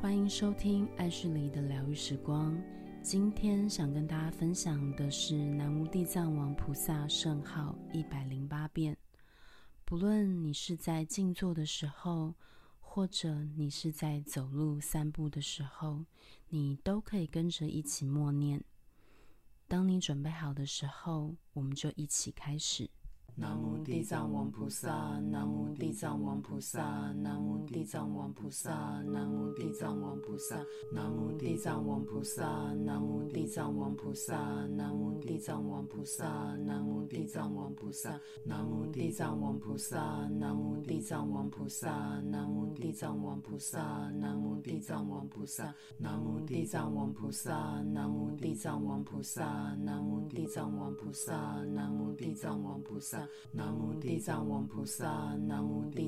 歡迎收聽《愛是裡的療癒時光》。今天想跟大家分享的是南無地藏王菩薩聖號一百零八遍。不論你是在靜坐的時候，或者你是在走路散步的時候，你都可以跟着一起默念。當你準備好的時候，我們就一起開始。南無地藏王菩薩，南無地藏王菩薩，南無地藏王菩薩，南無地藏王菩薩，南無地藏王菩薩，南無地藏王菩薩，南無地藏王菩薩，南無地藏王菩薩，南無地藏王菩薩，南無地藏王菩薩，南無地藏王菩薩，南無地藏王菩薩，南無地藏王菩薩，南無地藏王菩薩，南無地藏王菩薩。南無地藏王菩薩，南無地。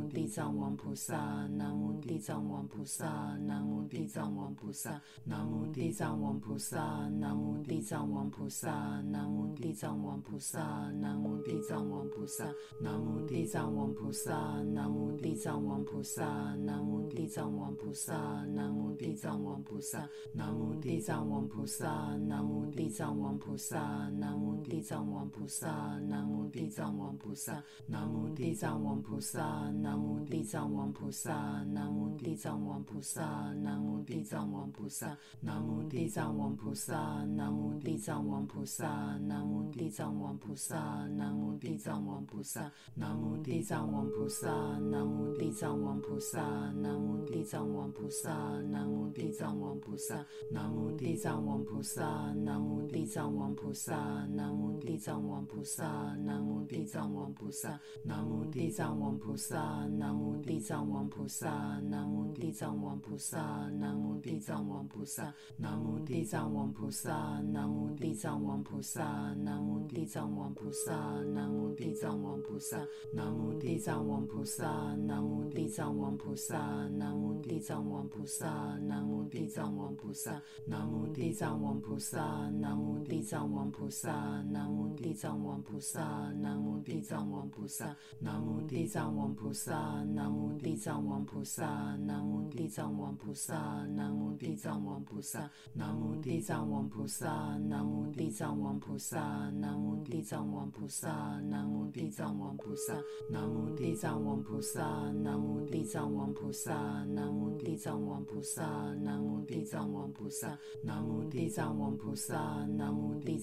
南無地藏王菩薩，南無地藏王菩薩，南無地藏王菩薩，南無地藏王菩薩，南無地藏王菩薩，南無地藏王菩薩，南無地藏王菩薩，南無地藏王菩薩，南無地藏王菩薩，南無地藏王菩薩，南無地藏王菩薩，南無地藏王菩薩，南無地藏王菩薩，南無地藏王菩薩，南無地藏王菩薩，南無地藏王菩薩，南無地藏王菩薩，南無地藏王菩薩，南無地藏王菩薩，南無地藏王菩薩，南無地藏王菩薩，南無地藏王菩薩，南無地藏王菩薩，南無地藏王菩薩，南無地藏王菩薩，南無地藏王菩薩，南無地藏王菩薩，南無地藏王菩薩，南無地藏王菩薩，南無地藏王菩薩，南無地藏王菩薩。南無地藏王菩薩，南無地藏王菩薩，南無地藏王菩薩，南無地藏王菩薩，南無地藏王菩薩，南無地藏王菩薩，南無地藏王菩薩，南無地藏王菩薩，南無地藏王菩薩，南無地藏王菩薩，南無地藏王菩薩，南無地藏王菩薩，南無地藏王菩薩，南無地藏王菩薩，南無地藏王菩薩，南無地藏王菩薩，南無地藏王菩薩。南無地藏王菩薩，南無地藏王菩薩，南無地藏王菩薩，南無地藏王菩薩，南無地藏王菩薩，南無地藏王菩薩，南無地藏王菩薩，南無地藏王菩薩，南無地藏王菩薩，南無地藏王菩薩，南無地藏王菩薩，南無地藏王菩薩，南無地藏王菩薩，南無地藏王菩薩，南無地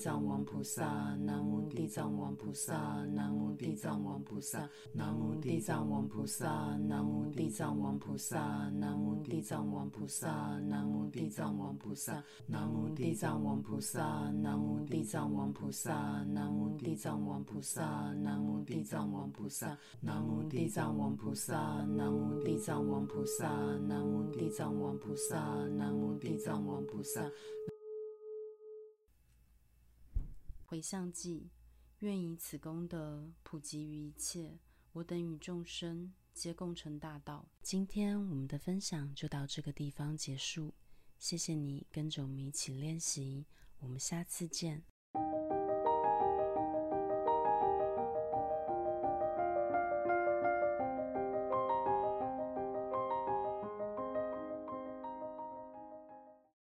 藏王菩薩。南無地藏王菩薩，南無地藏王菩薩，南無地藏王菩薩，南無地藏王菩薩，南無地藏王菩薩，南無地藏王菩薩，南無地藏王菩薩，南無地藏王菩薩，南無地藏王菩薩，南無地藏王菩薩，南無地藏王菩薩，南無地藏王菩薩，南無地藏王菩薩，回向偈。願以此功德普及於一切，我等與眾生皆共成大道。今天我們的分享就到這個地方結束，謝謝你跟着我們一起練習，我們下次見。